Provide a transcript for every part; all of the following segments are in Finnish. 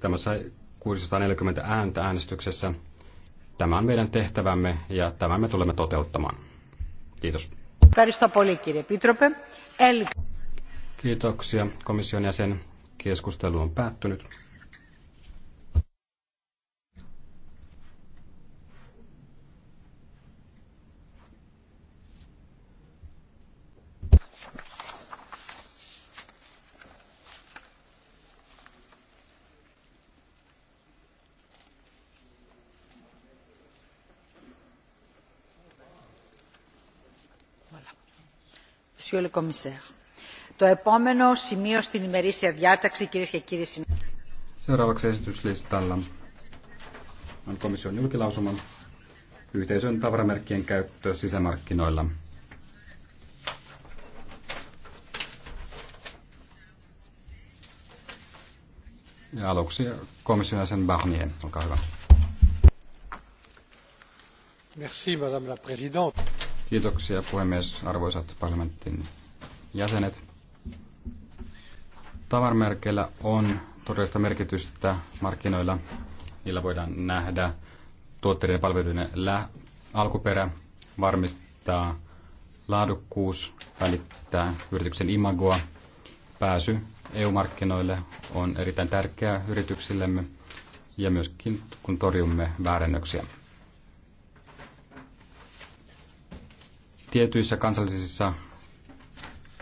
Tämä sai 640 ääntä äänestyksessä. Tämä on meidän tehtävämme ja tämän me tulemme toteuttamaan. Kiitos. Kiitoksia komission jäsen. Keskustelu on päättynyt. Monsieur le Commissaire. Το επόμενο σημείο στην ημερήσια διάταξη, κυρίες και κύριοι συνάδελφοι. Seuraavaksi esityslistalla on komission julkilausuma yhteisön tavaramerkkien käyttö sisämarkkinoilla. Ja aluksi komission jäsen Barnier, olkaa hyvä. Merci, madame la présidente. Kiitoksia puhemies, arvoisat parlamentin jäsenet. Tavarmerkeillä on todellista merkitystä markkinoilla. Niillä voidaan nähdä tuotteiden ja palveluiden alkuperä, varmistaa laadukkuus, välittää yrityksen imagoa. Pääsy EU-markkinoille on erittäin tärkeää yrityksillemme ja myöskin kun torjumme väärennöksiä. Tietyissä kansallisissa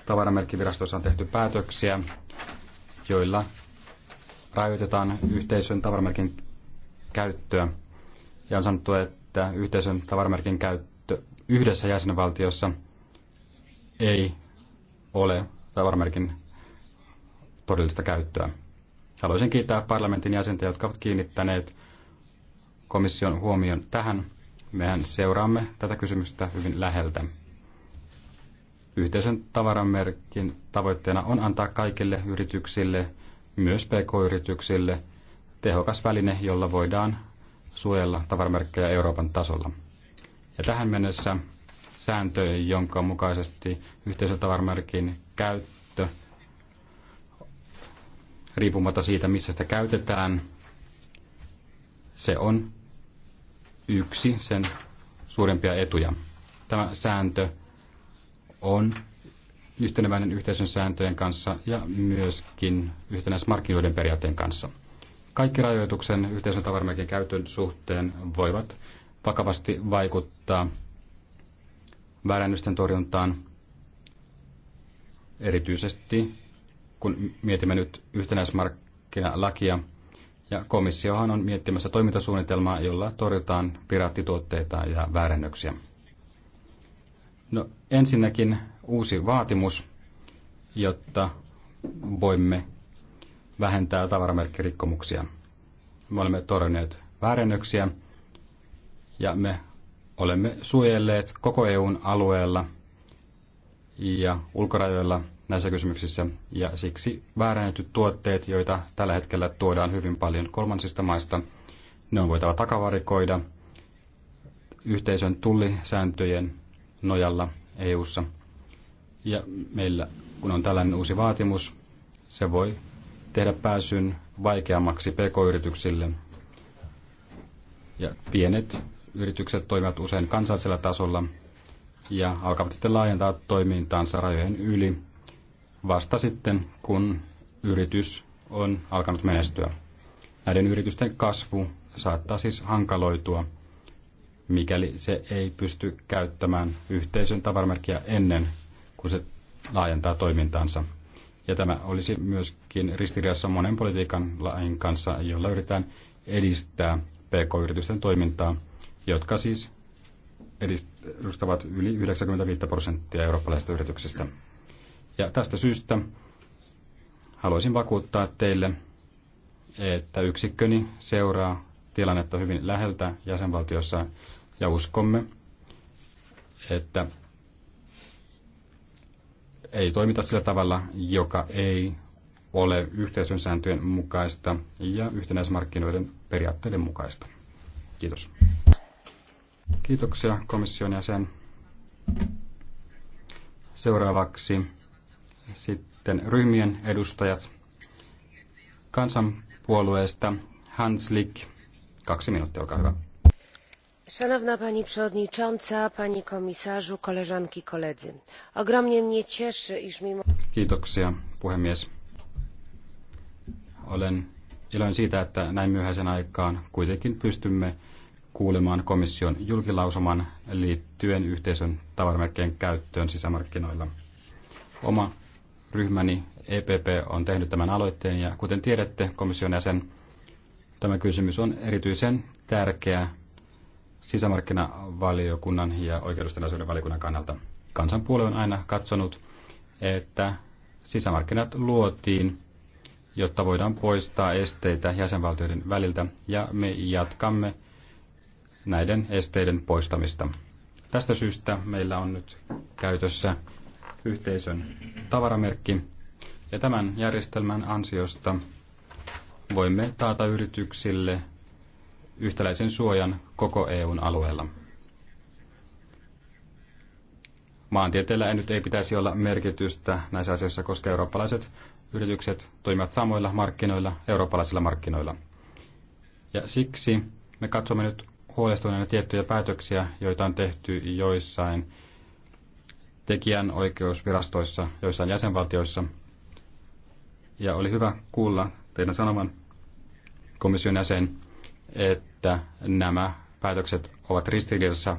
tavaramerkkivirastoissa on tehty päätöksiä, joilla rajoitetaan yhteisön tavaramerkin käyttöä. Ja on sanottu, että yhteisön tavaramerkin käyttö yhdessä jäsenvaltiossa ei ole tavaramerkin todellista käyttöä. Haluaisin kiittää parlamentin jäsentä, jotka ovat kiinnittäneet komission huomion tähän Mehän seuraamme tätä kysymystä hyvin läheltä. Yhteisen tavaramerkin tavoitteena on antaa kaikille yrityksille, myös pk-yrityksille, tehokas väline, jolla voidaan suojella tavaramerkkejä Euroopan tasolla. Ja tähän mennessä sääntö, jonka mukaisesti tavaramerkin käyttö, riippumatta siitä, missä sitä käytetään, se on yksi sen suurimpia etuja. Tämä sääntö on yhteneväinen yhteisön sääntöjen kanssa ja myöskin yhtenäismarkkinoiden periaatteen kanssa. Kaikki rajoituksen yhteisön tavaramerkin käytön suhteen voivat vakavasti vaikuttaa väärännysten torjuntaan, erityisesti kun mietimme nyt yhtenäismarkkinalakia – ja komissiohan on miettimässä toimintasuunnitelmaa, jolla torjutaan piraattituotteita ja väärennöksiä. No, ensinnäkin uusi vaatimus, jotta voimme vähentää tavaramerkkirikkomuksia. Me olemme torjuneet väärennöksiä ja me olemme suojelleet koko EUn alueella ja ulkorajoilla – näissä kysymyksissä, ja siksi väärännetyt tuotteet, joita tällä hetkellä tuodaan hyvin paljon kolmansista maista, ne on voitava takavarikoida yhteisön tullisääntöjen nojalla EU:ssa. Ja meillä, kun on tällainen uusi vaatimus, se voi tehdä pääsyn vaikeammaksi pk-yrityksille. Ja pienet yritykset toimivat usein kansallisella tasolla ja alkavat sitten laajentaa toimintaansa rajojen yli vasta sitten, kun yritys on alkanut menestyä. Näiden yritysten kasvu saattaa siis hankaloitua, mikäli se ei pysty käyttämään yhteisön tavaramerkkiä ennen kuin se laajentaa toimintaansa. Ja tämä olisi myöskin ristiriidassa monen politiikan lain kanssa, jolla yritetään edistää pk-yritysten toimintaa, jotka siis edustavat yli 95 prosenttia eurooppalaisista yrityksistä. Ja tästä syystä haluaisin vakuuttaa teille, että yksikköni seuraa tilannetta hyvin läheltä jäsenvaltiossa ja uskomme, että ei toimita sillä tavalla, joka ei ole yhteisön sääntöjen mukaista ja yhtenäismarkkinoiden periaatteiden mukaista. Kiitos. Kiitoksia komission jäsen. Seuraavaksi sitten ryhmien edustajat. Kansanpuolueesta Hans Lick. Kaksi minuuttia, olkaa hyvä. Szanowna Pani Przewodnicząca, pani Komisarzu, koleżanki, koledzy. Ogromnie mnie cieszy, iż mimo... Kiitoksia, puhemies. Olen iloinen siitä, että näin myöhäisen aikaan kuitenkin pystymme kuulemaan komission julkilausuman liittyen yhteisön tavaramerkkien käyttöön sisämarkkinoilla. Oma ryhmäni EPP on tehnyt tämän aloitteen ja kuten tiedätte komission jäsen, tämä kysymys on erityisen tärkeä sisämarkkinavaliokunnan ja oikeudellisten asioiden valiokunnan kannalta. Kansanpuolue on aina katsonut, että sisämarkkinat luotiin, jotta voidaan poistaa esteitä jäsenvaltioiden väliltä ja me jatkamme näiden esteiden poistamista. Tästä syystä meillä on nyt käytössä yhteisön tavaramerkki. Ja tämän järjestelmän ansiosta voimme taata yrityksille yhtäläisen suojan koko EUn alueella. Maantieteellä nyt ei pitäisi olla merkitystä näissä asioissa, koska eurooppalaiset yritykset toimivat samoilla markkinoilla, eurooppalaisilla markkinoilla. Ja siksi me katsomme nyt huolestuneena tiettyjä päätöksiä, joita on tehty joissain tekijänoikeusvirastoissa joissain jäsenvaltioissa. Ja oli hyvä kuulla teidän sanovan komission jäsen, että nämä päätökset ovat ristiriidassa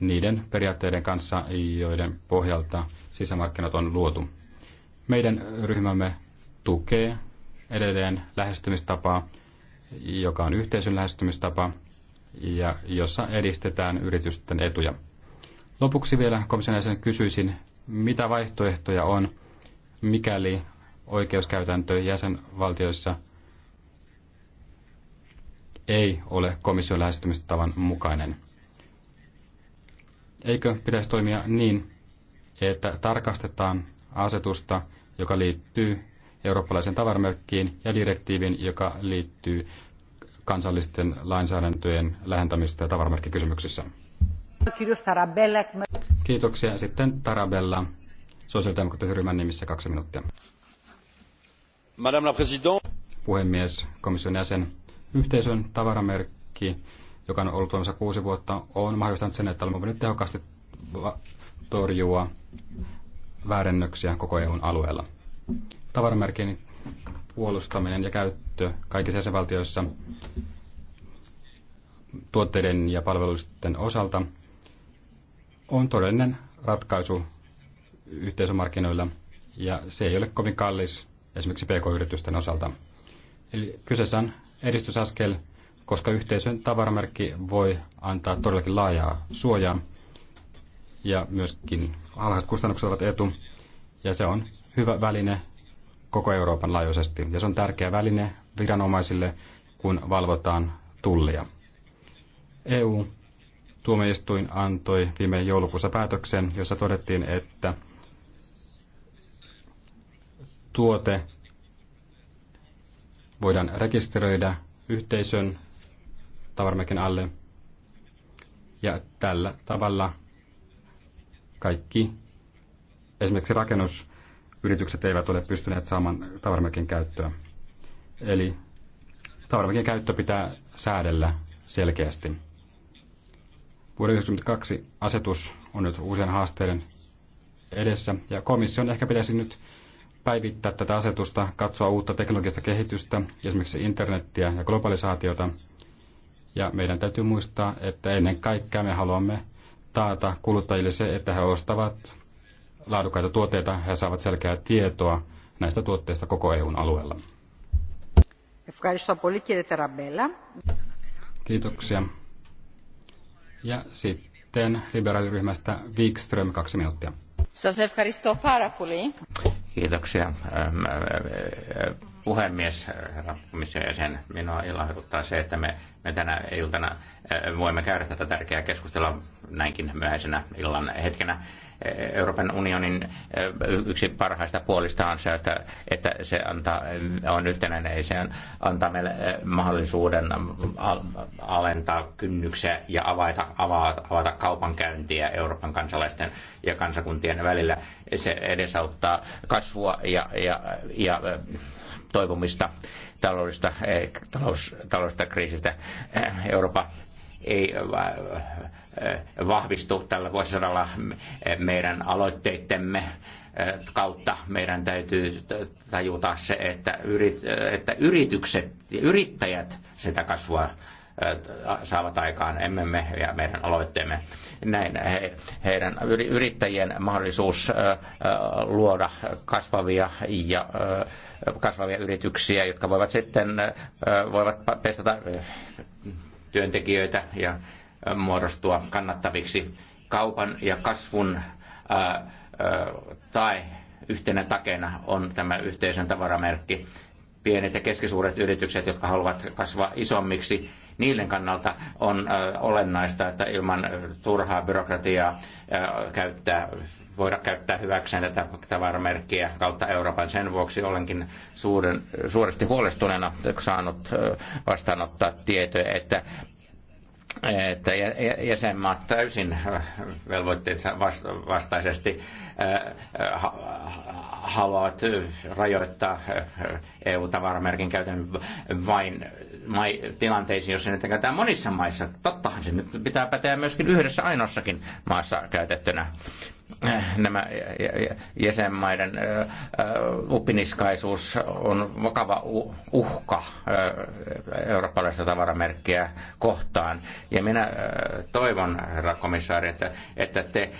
niiden periaatteiden kanssa, joiden pohjalta sisämarkkinat on luotu. Meidän ryhmämme tukee edelleen lähestymistapaa, joka on yhteisön lähestymistapa ja jossa edistetään yritysten etuja. Lopuksi vielä komission jäsen kysyisin, mitä vaihtoehtoja on, mikäli oikeuskäytäntö jäsenvaltioissa ei ole komission lähestymistavan mukainen. Eikö pitäisi toimia niin, että tarkastetaan asetusta, joka liittyy eurooppalaisen tavaramerkkiin ja direktiivin, joka liittyy kansallisten lainsäädäntöjen lähentämistä tavaramerkkikysymyksissä. Kiitoksia. Sitten Tarabella, sosiaalidemokraattisen nimissä kaksi minuuttia. Madame la Puhemies, komission jäsen. Yhteisön tavaramerkki, joka on ollut voimassa kuusi vuotta, on mahdollistanut sen, että olemme voineet tehokkaasti torjua väärennöksiä koko EUn alueella. Tavaramerkin puolustaminen ja käyttö kaikissa jäsenvaltioissa tuotteiden ja palveluiden osalta on todellinen ratkaisu yhteisömarkkinoilla ja se ei ole kovin kallis esimerkiksi pk-yritysten osalta. Eli kyseessä on edistysaskel, koska yhteisön tavaramerkki voi antaa todellakin laajaa suojaa ja myöskin alhaiset kustannukset ovat etu. Ja se on hyvä väline koko Euroopan laajuisesti. Ja se on tärkeä väline viranomaisille, kun valvotaan tullia. EU Tuomioistuin antoi viime joulukuussa päätöksen, jossa todettiin, että tuote voidaan rekisteröidä yhteisön tavarmekin alle. Ja tällä tavalla kaikki, esimerkiksi rakennusyritykset eivät ole pystyneet saamaan tavarmekin käyttöä. Eli tavarmekin käyttö pitää säädellä selkeästi. Vuoden 1992 asetus on nyt uusien haasteiden edessä ja komission ehkä pitäisi nyt päivittää tätä asetusta, katsoa uutta teknologista kehitystä, esimerkiksi internettiä ja globalisaatiota. Ja meidän täytyy muistaa, että ennen kaikkea me haluamme taata kuluttajille se, että he ostavat laadukkaita tuotteita ja saavat selkeää tietoa näistä tuotteista koko EUn alueella. Kiitoksia. Ja sitten liberaaliryhmästä Wikström, kaksi minuuttia. Sasef Kiitoksia ähm, äh, äh, puhemies, herra komission jäsen. Minua ilahduttaa se, että me, me tänä iltana äh, voimme käydä tätä tärkeää keskustelua näinkin myöhäisenä illan hetkenä. Euroopan unionin eh, yksi parhaista puolista on se, että, että se antaa, on yhtenäinen ja se antaa meille eh, mahdollisuuden mm, alentaa kynnyksiä ja avata, avata, avata kaupankäyntiä Euroopan kansalaisten ja kansakuntien välillä. Se edesauttaa kasvua ja, ja, ja eh, toivomista taloudesta, talous, taloudesta kriisistä. Eurooppa ei Eh, vahvistu tällä vuosisadalla meidän aloitteittemme eh, kautta. Meidän täytyy tajuta se, että, yrit, eh, että yritykset ja yrittäjät sitä kasvua saavat aikaan, emme me ja meidän aloitteemme. Näin he, heidän yrittäjien mahdollisuus luoda kasvavia ja kasvavia yrityksiä, jotka voivat sitten voivat pestata työntekijöitä ja muodostua kannattaviksi. Kaupan ja kasvun tai yhtenä takeena on tämä yhteisön tavaramerkki. Pienet ja keskisuuret yritykset, jotka haluavat kasvaa isommiksi, niiden kannalta on olennaista, että ilman turhaa byrokratiaa käyttää, voida käyttää hyväkseen tätä tavaramerkkiä kautta Euroopan. Sen vuoksi olenkin suuren, suuresti huolestuneena saanut vastaanottaa tietoja, että että jäsenmaat täysin äh, velvoitteensa vastaisesti äh, haluavat rajoittaa äh, EU-tavaramerkin käytön vain tilanteisiin, jossa niitä käytetään monissa maissa. Tottahan se nyt pitää päteä myöskin yhdessä ainoassakin maassa käytettynä nämä jäsenmaiden upiniskaisuus on vakava uhka eurooppalaista tavaramerkkiä kohtaan. Ja minä toivon, herra komissaari, että, että te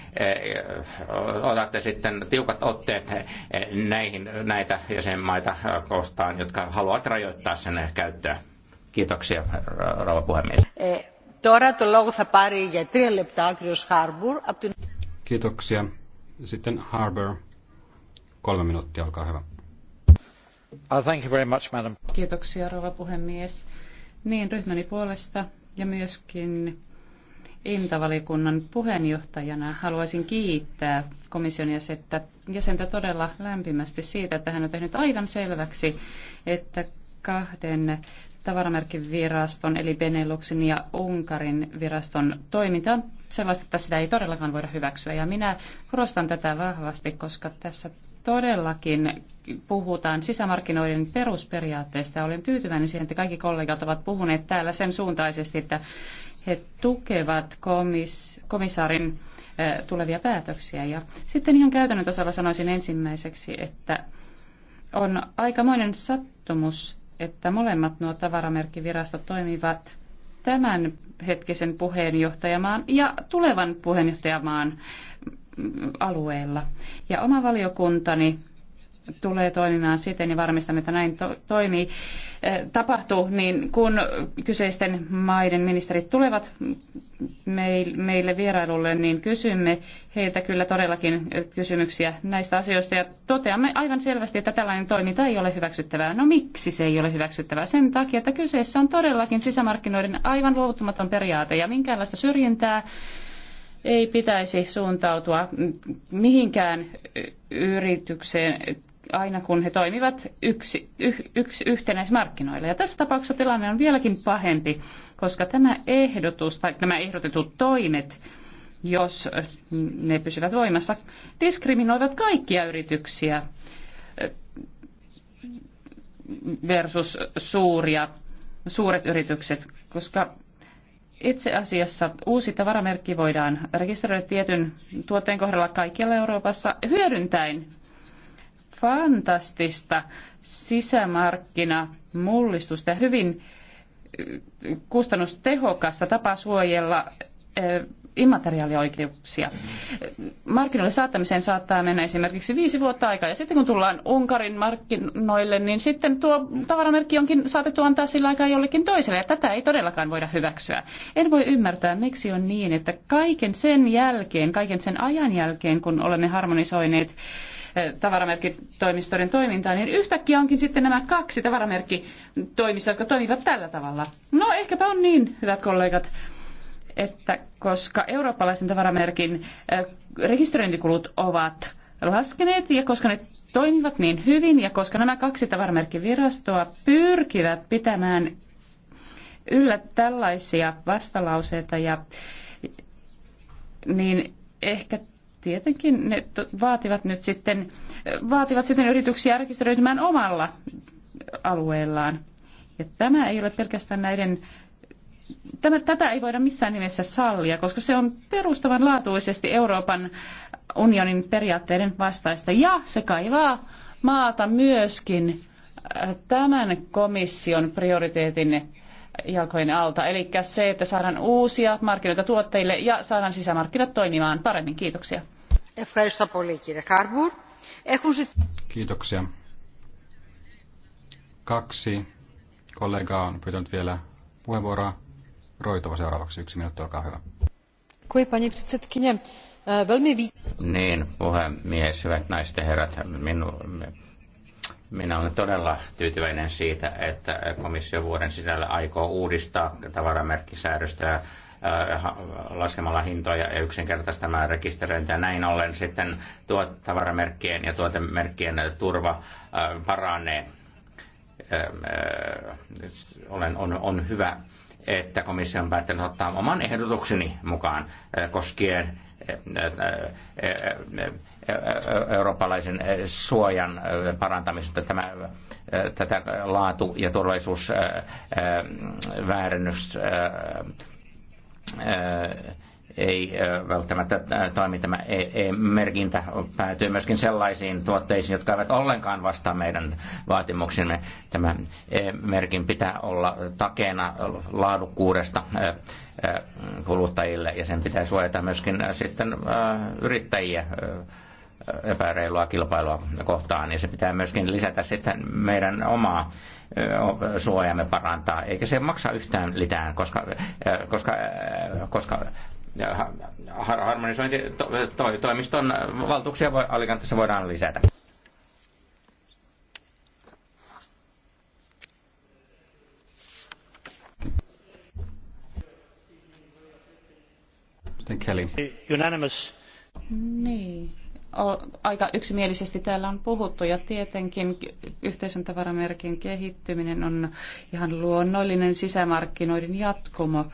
otatte sitten tiukat otteet näihin, näitä jäsenmaita kohtaan, jotka haluavat rajoittaa sen käyttöä. Kiitoksia, rouva puhemies. Τώρα το λόγο θα πάρει για τρία λεπτά ο κύριος Χάρμπουρ Kiitoksia. Sitten Harbour. Kolme minuuttia, olkaa hyvä. Uh, thank you very much, madam. Kiitoksia, rouva puhemies. Niin, ryhmäni puolesta ja myöskin Intavalikunnan puheenjohtajana haluaisin kiittää komission jäsentä, jäsentä todella lämpimästi siitä, että hän on tehnyt aivan selväksi, että kahden tavaramerkkiviraston eli Beneluxin ja Unkarin viraston toiminta on sellaista, että sitä ei todellakaan voida hyväksyä. Ja minä korostan tätä vahvasti, koska tässä todellakin puhutaan sisämarkkinoiden perusperiaatteista. Olen tyytyväinen siihen, että kaikki kollegat ovat puhuneet täällä sen suuntaisesti, että he tukevat komis, komissaarin tulevia päätöksiä. Ja sitten ihan käytännön tasolla sanoisin ensimmäiseksi, että on aikamoinen sattumus, että molemmat nuo tavaramerkkivirastot toimivat tämän hetkisen puheenjohtajamaan ja tulevan puheenjohtajamaan alueella. Ja oma valiokuntani tulee toimimaan siten ja varmistan, että näin to- toimii, eh, tapahtuu, niin kun kyseisten maiden ministerit tulevat meille vierailulle, niin kysymme heiltä kyllä todellakin eh, kysymyksiä näistä asioista ja toteamme aivan selvästi, että tällainen toiminta ei ole hyväksyttävää. No miksi se ei ole hyväksyttävää? Sen takia, että kyseessä on todellakin sisämarkkinoiden aivan luovuttamaton periaate ja minkäänlaista syrjintää ei pitäisi suuntautua mihinkään yritykseen aina kun he toimivat yksi, yh, yksi yhtenäismarkkinoilla. Ja tässä tapauksessa tilanne on vieläkin pahempi, koska tämä ehdotus tai nämä ehdotetut toimet, jos ne pysyvät voimassa, diskriminoivat kaikkia yrityksiä eh, versus suuria, suuret yritykset, koska itse asiassa uusi tavaramerkki voidaan rekisteröidä tietyn tuotteen kohdalla kaikkialla Euroopassa hyödyntäen fantastista sisämarkkinamullistusta ja hyvin eh, kustannustehokasta tapaa suojella eh, immateriaalioikeuksia. Markkinoille saattamiseen saattaa mennä esimerkiksi viisi vuotta aikaa, ja sitten kun tullaan Unkarin markkinoille, niin sitten tuo tavaramerkki onkin saatettu antaa sillä aikaa jollekin toiselle, ja tätä ei todellakaan voida hyväksyä. En voi ymmärtää, miksi on niin, että kaiken sen jälkeen, kaiken sen ajan jälkeen, kun olemme harmonisoineet tavaramerkkitoimistojen toimintaa, niin yhtäkkiä onkin sitten nämä kaksi tavaramerkkitoimistoa, jotka toimivat tällä tavalla. No ehkäpä on niin, hyvät kollegat, että koska eurooppalaisen tavaramerkin rekisteröintikulut ovat laskeneet ja koska ne toimivat niin hyvin ja koska nämä kaksi tavaramerkkivirastoa pyrkivät pitämään yllä tällaisia vastalauseita ja niin ehkä tietenkin ne vaativat nyt sitten, vaativat sitten yrityksiä rekisteröitymään omalla alueellaan. Ja tämä ei ole pelkästään näiden Tämä, tätä ei voida missään nimessä sallia, koska se on perustavanlaatuisesti Euroopan unionin periaatteiden vastaista. Ja se kaivaa maata myöskin tämän komission prioriteetin jalkojen alta. Eli se, että saadaan uusia markkinoita tuotteille ja saadaan sisämarkkinat toimimaan paremmin. Kiitoksia. Kiitoksia. Kaksi kollegaa on pyytänyt vielä puheenvuoroa. Roitova seuraavaksi. Yksi minuutti, olkaa hyvä. Kui, pani eh, Niin, puhemies, hyvät naiset ja herrat. Minu, minä olen todella tyytyväinen siitä, että komissio vuoden sisällä aikoo uudistaa tavaramerkkisäädöstöä äh, laskemalla hintoja ja yksinkertaistamaan rekisteröintiä. Näin ollen sitten tuot tavaramerkkien ja tuotemerkkien turva äh, paranee. Ähm, äh, olen, on, on hyvä, että komissio on päättänyt ottaa oman ehdotukseni mukaan koskien eurooppalaisen suojan parantamisesta. Tämä, tätä laatu- ja turvallisuusväärennys ei välttämättä toimi tämä e-merkintä, e, päätyy myöskin sellaisiin tuotteisiin, jotka eivät ollenkaan vastaa meidän vaatimuksimme. Tämä e-merkin pitää olla takeena laadukkuudesta kuluttajille ja sen pitää suojata myöskin sitten yrittäjiä epäreilua kilpailua kohtaan, niin se pitää myöskin lisätä sitten meidän omaa suojamme parantaa, eikä se maksa yhtään mitään, koska, koska, koska harmonisointitoimiston valtuuksia voi, Alicantessa voidaan lisätä. Kelly. Unanimous. Niin aika yksimielisesti täällä on puhuttu ja tietenkin yhteisön tavaramerkin kehittyminen on ihan luonnollinen sisämarkkinoiden jatkumo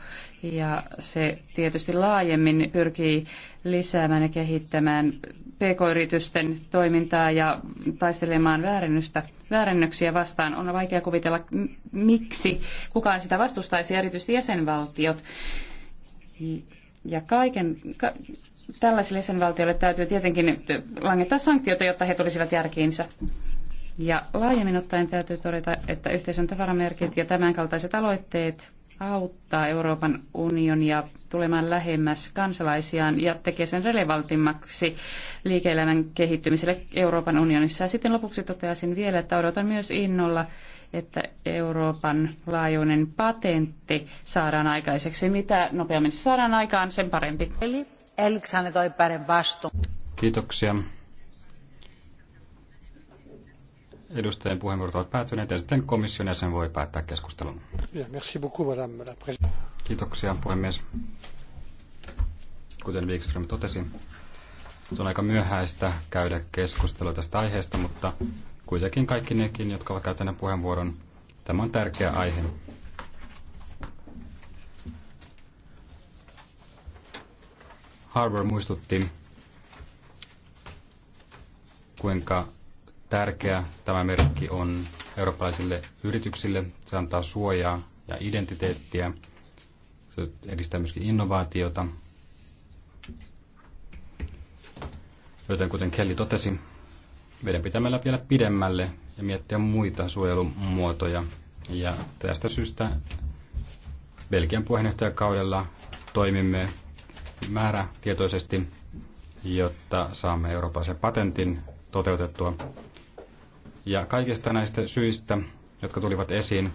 ja se tietysti laajemmin pyrkii lisäämään ja kehittämään pk-yritysten toimintaa ja taistelemaan väärennystä, väärennöksiä vastaan. On vaikea kuvitella, miksi kukaan sitä vastustaisi, erityisesti jäsenvaltiot. Ja kaiken, ka, tällaisille jäsenvaltioille täytyy tietenkin langettaa sanktioita, jotta he tulisivat järkiinsä. Ja laajemmin ottaen täytyy todeta, että yhteisön tavaramerkit ja tämänkaltaiset aloitteet auttaa Euroopan unionia tulemaan lähemmäs kansalaisiaan ja tekee sen relevantimmaksi liike-elämän kehittymiselle Euroopan unionissa. Ja sitten lopuksi toteaisin vielä, että odotan myös innolla että Euroopan laajuinen patentti saadaan aikaiseksi. Mitä nopeammin se saadaan aikaan, sen parempi. Eli Kiitoksia. Edustajien puheenvuorot ovat päättyneet ja sitten komission jäsen voi päättää keskustelun. Kiitoksia puhemies. Kuten Wikström totesi, se on aika myöhäistä käydä keskustelua tästä aiheesta, mutta kuitenkin kaikki nekin, jotka ovat käyttäneet puheenvuoron. Tämä on tärkeä aihe. Harbour muistutti, kuinka tärkeä tämä merkki on eurooppalaisille yrityksille. Se antaa suojaa ja identiteettiä. Se edistää myöskin innovaatiota. Joten kuten Kelly totesi, Veden pitämällä vielä pidemmälle ja miettiä muita suojelumuotoja. Ja tästä syystä Belgian puheenjohtajakaudella toimimme määrätietoisesti, jotta saamme eurooppalaisen patentin toteutettua. Ja kaikista näistä syistä, jotka tulivat esiin,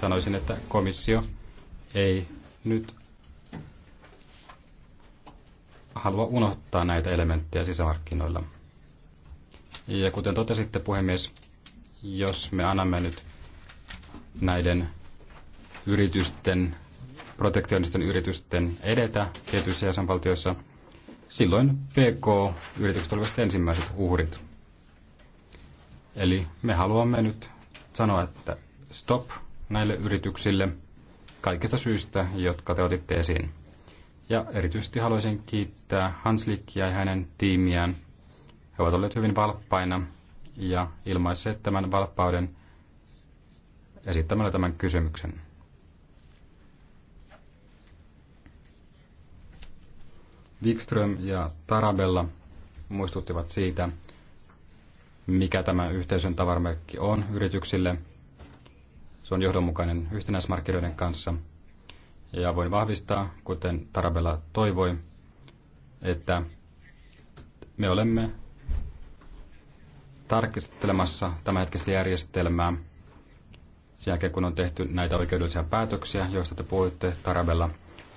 sanoisin, että komissio ei nyt halua unohtaa näitä elementtejä sisämarkkinoilla. Ja kuten totesitte, puhemies, jos me annamme nyt näiden yritysten, protektionisten yritysten edetä tietyissä jäsenvaltioissa, silloin PK-yritykset olivat ensimmäiset uhrit. Eli me haluamme nyt sanoa, että stop näille yrityksille kaikista syistä, jotka te otitte esiin. Ja erityisesti haluaisin kiittää Hanslikkia ja hänen tiimiään – he ovat olleet hyvin valppaina ja ilmaisseet tämän valppauden esittämällä tämän kysymyksen. Wikström ja Tarabella muistuttivat siitä, mikä tämä yhteisön tavaramerkki on yrityksille. Se on johdonmukainen yhtenäismarkkinoiden kanssa. Ja voin vahvistaa, kuten Tarabella toivoi, että me olemme tarkistelemassa tämänhetkistä järjestelmää sen jälkeen, kun on tehty näitä oikeudellisia päätöksiä, joista te puhuitte Tarabella.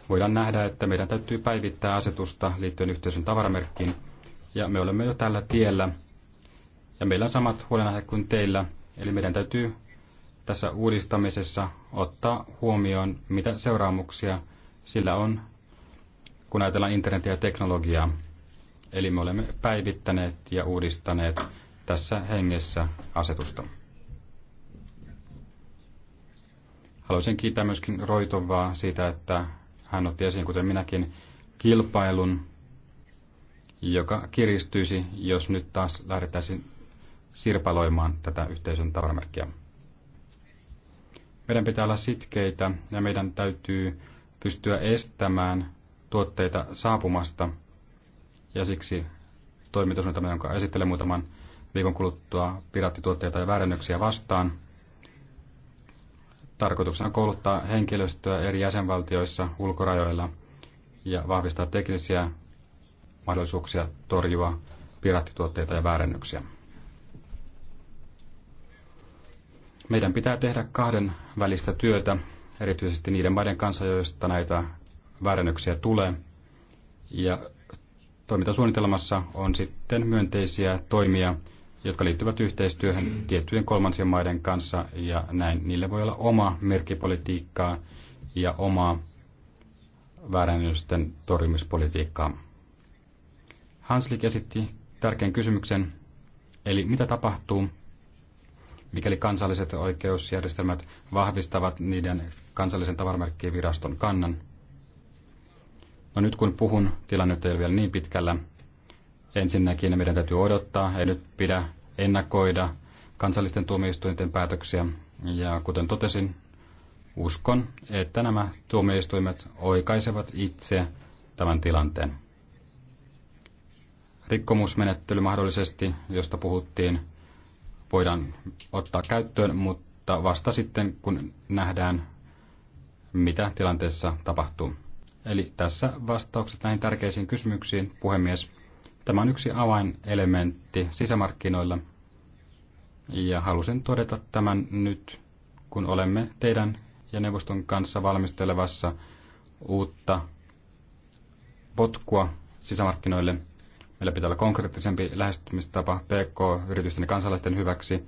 Voidaan nähdä, että meidän täytyy päivittää asetusta liittyen yhteisön tavaramerkkiin, ja me olemme jo tällä tiellä, ja meillä on samat huolenaiheet kuin teillä, eli meidän täytyy tässä uudistamisessa ottaa huomioon, mitä seuraamuksia sillä on, kun ajatellaan internetiä ja teknologiaa. Eli me olemme päivittäneet ja uudistaneet tässä hengessä asetusta. Haluaisin kiittää myöskin Roitovaa siitä, että hän otti esiin, kuten minäkin, kilpailun, joka kiristyisi, jos nyt taas lähdettäisiin sirpaloimaan tätä yhteisön tavaramerkkiä. Meidän pitää olla sitkeitä ja meidän täytyy pystyä estämään tuotteita saapumasta ja siksi toimitusnotamme, jonka esittelen muutaman viikon kuluttua piraattituotteita ja väärännöksiä vastaan. Tarkoituksena kouluttaa henkilöstöä eri jäsenvaltioissa ulkorajoilla ja vahvistaa teknisiä mahdollisuuksia torjua piraattituotteita ja väärännöksiä. Meidän pitää tehdä kahden välistä työtä, erityisesti niiden maiden kanssa, joista näitä väärännöksiä tulee. Ja toimintasuunnitelmassa on sitten myönteisiä toimia, jotka liittyvät yhteistyöhön tiettyjen kolmansien maiden kanssa, ja näin niille voi olla oma merkkipolitiikkaa ja oma väärännösten torjumispolitiikkaa. Hanslik esitti tärkeän kysymyksen, eli mitä tapahtuu, mikäli kansalliset oikeusjärjestelmät vahvistavat niiden kansallisen tavaramerkkiviraston kannan. No nyt kun puhun, tilanne ei ole vielä niin pitkällä, Ensinnäkin meidän täytyy odottaa, ei nyt pidä ennakoida kansallisten tuomioistuinten päätöksiä. Ja kuten totesin, uskon, että nämä tuomioistuimet oikaisevat itse tämän tilanteen. Rikkomusmenettely mahdollisesti, josta puhuttiin, voidaan ottaa käyttöön, mutta vasta sitten, kun nähdään, mitä tilanteessa tapahtuu. Eli tässä vastaukset näihin tärkeisiin kysymyksiin, puhemies. Tämä on yksi avainelementti sisämarkkinoilla ja halusin todeta tämän nyt, kun olemme teidän ja neuvoston kanssa valmistelevassa uutta potkua sisämarkkinoille. Meillä pitää olla konkreettisempi lähestymistapa PK-yritysten ja kansalaisten hyväksi.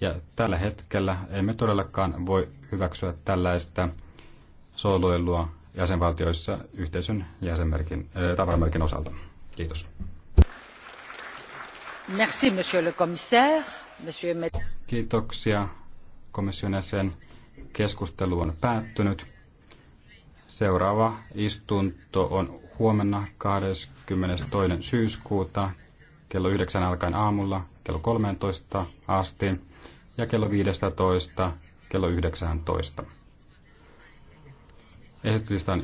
Ja tällä hetkellä emme todellakaan voi hyväksyä tällaista sooloilua jäsenvaltioissa yhteisön jäsenmerkin, äh, tavaramerkin osalta. Kiitos. Merci, monsieur le commissaire. Monsieur... Kiitoksia komission jäsen. Keskustelu on päättynyt. Seuraava istunto on huomenna 22. syyskuuta kello 9 alkaen aamulla kello 13 asti ja kello 15 kello 19. Esityslistan